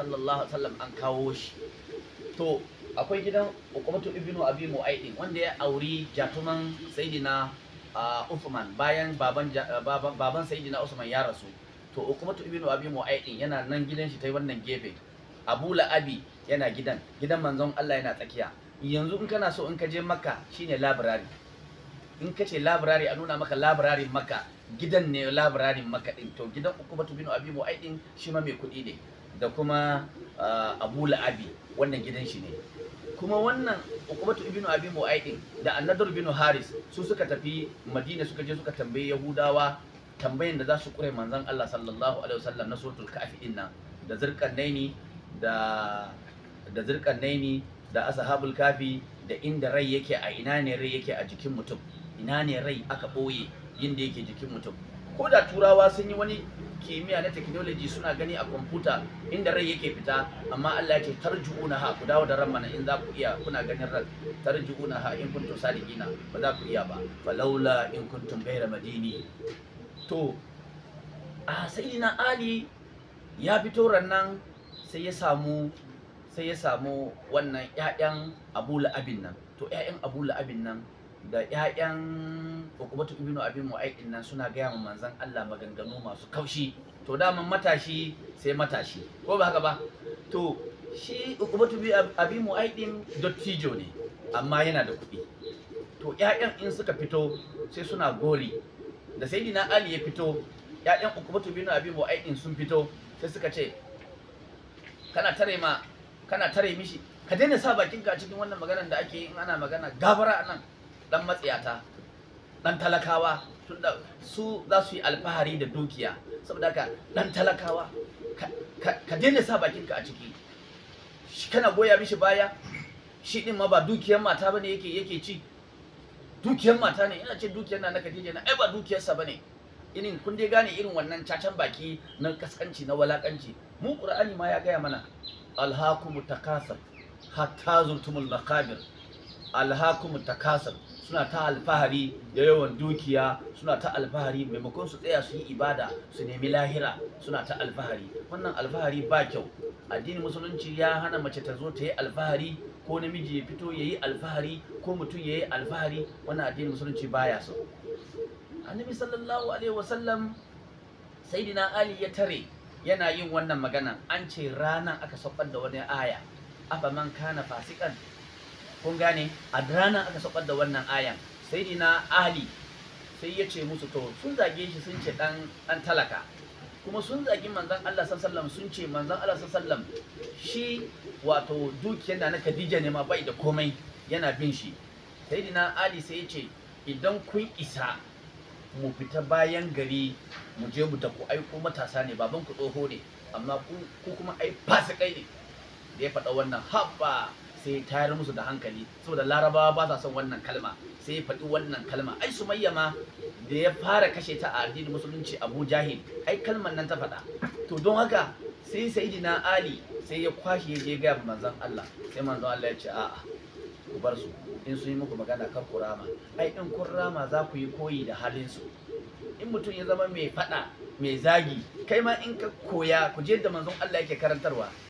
sallallahu alaihi wasallam an kawo shi to akwai gidan ukumatu ibnu abi mu'aidin wanda ya auri jatuman sayyidina Uthman bayan baban baban sayyidina Uthman ya rasu to ukumatu ibnu abi mu'aidin yana nan gidan shi ta wannan gefe Abu abi yana gidan gidan manzon Allah yana tsakiya yanzu in kana so in ka je Makka shine library in ka ce library a nuna maka labirarin maka gidan ne labirarin maka din to gidan uku ibnu abi mu'aidin shi ma mai kuɗi ne da kuma abu la'abi wannan gidan shi ne kuma wannan ukubatu ibnu abi mu'aidin da annadur ibnu haris su suka tafi madina suka je suka tambayi yahudawa tambayan da za su kure manzon Allah sallallahu alaihi wasallam na suratul kahfi din nan da zirkan naini da da zirkan naini da ashabul kafi da inda rai yake a ina ne rai yake a jikin mutum ina ne rai aka boye yinda yake jikin mutum ko da turawa sun yi wani kimiyya na technology suna gani a kwamfuta inda rai yake fita amma Allah ya ce tarjuuna ha ku dawo da ran mana in za ku iya kuna ganin ran tarjuuna ha in kuntum sadiqina ba za ku iya ba falaula in kuntum bayra madini to a sayyidina ali ya fito rannan sai ya samu sai ya samu wannan 'ya'yan Abu La'abin nan to ƴaƴan Abu La'abin nan da ƴaƴan hukumatu ibnu abin mu'aikin nan suna gaya ma manzan Allah maganganu masu kaushi to daman matashi sai matashi ko ba haka ba to shi hukumatu abin mu'aikin dottijo ne amma yana da kuɗi to ƴaƴan in suka fito sai suna gori da na Ali ya fito ƴaƴan hukumatu ibnu abin mu'aikin sun fito sai suka ce kana tare ma kana tare mishi ka daina sa bakinka a cikin wannan maganar da ake yi in ana magana gabara a nan dan matsiyata dan talakawa su za su yi alfahari da dukiya saboda ka, dan talakawa ka daina sa bakinka a ciki shi kana goya mishi baya shi din ma ba dukiyar mata bane yake yake ci dukiyar mata ne ina ce dukiyar na na Khadija na ai ba dukiyar sa bane irin kun dai gane irin wannan cacan baki na kaskanci na walakanci mu qur'ani ma ya gaya mana alhaqu mutakasir hatta zurtumul maqabir alhaqu mutakasir suna ta alfahari da yawan dukiya suna ta alfahari maimakon su tsaya su yi ibada su nemi lahira suna ta alfahari wannan alfahari ba kyau addinin musulunci ya hana mace ta zo ta yi alfahari ko namiji ya fito ya yi alfahari ko mutum ya yi alfahari wannan addinin musulunci baya so annabi sallallahu alaihi wasallam sayyidina ali ya tare yana yin wannan magana an ce ranan aka saukar da wani aya man kana fasikan kun gane a ranar aka saukar da wannan ayan sai dina ahli sai ya ce musu to sun zage shi sun ce dan dan talaka kuma sun zagi manzon Allah sallallahu alaihi sun ce manzon Allah sallallahu shi wato dukiyar da na Khadija ne ma bai da komai yana bin shi sai dina ali sai ya ce idan kun isa mu fita bayan gari mu je mu tafi aiko matasa ne baban ku tsoho ne amma ku kuma ai fasikai ne da ya faɗa wannan haɓa sai tayar musu da hankali saboda larabawa ba sa son wannan kalma sai ya faɗi wannan kalma ai sumayya ma da ya fara kashe ta a addinin musulunci abu jahil ai kalman nan ta faɗa to don haka sai sayyidina ali sai ya kwashe ya je ga manzon Allah sai manzon Allah ya ce a'a ku bar su in sun yi muku magana kan kurama. ai in kun rama za ku yi koyi da halin su in mutum ya zama mai faɗa mai zagi kai ma in ka koya ku je da manzon Allah yake karantarwa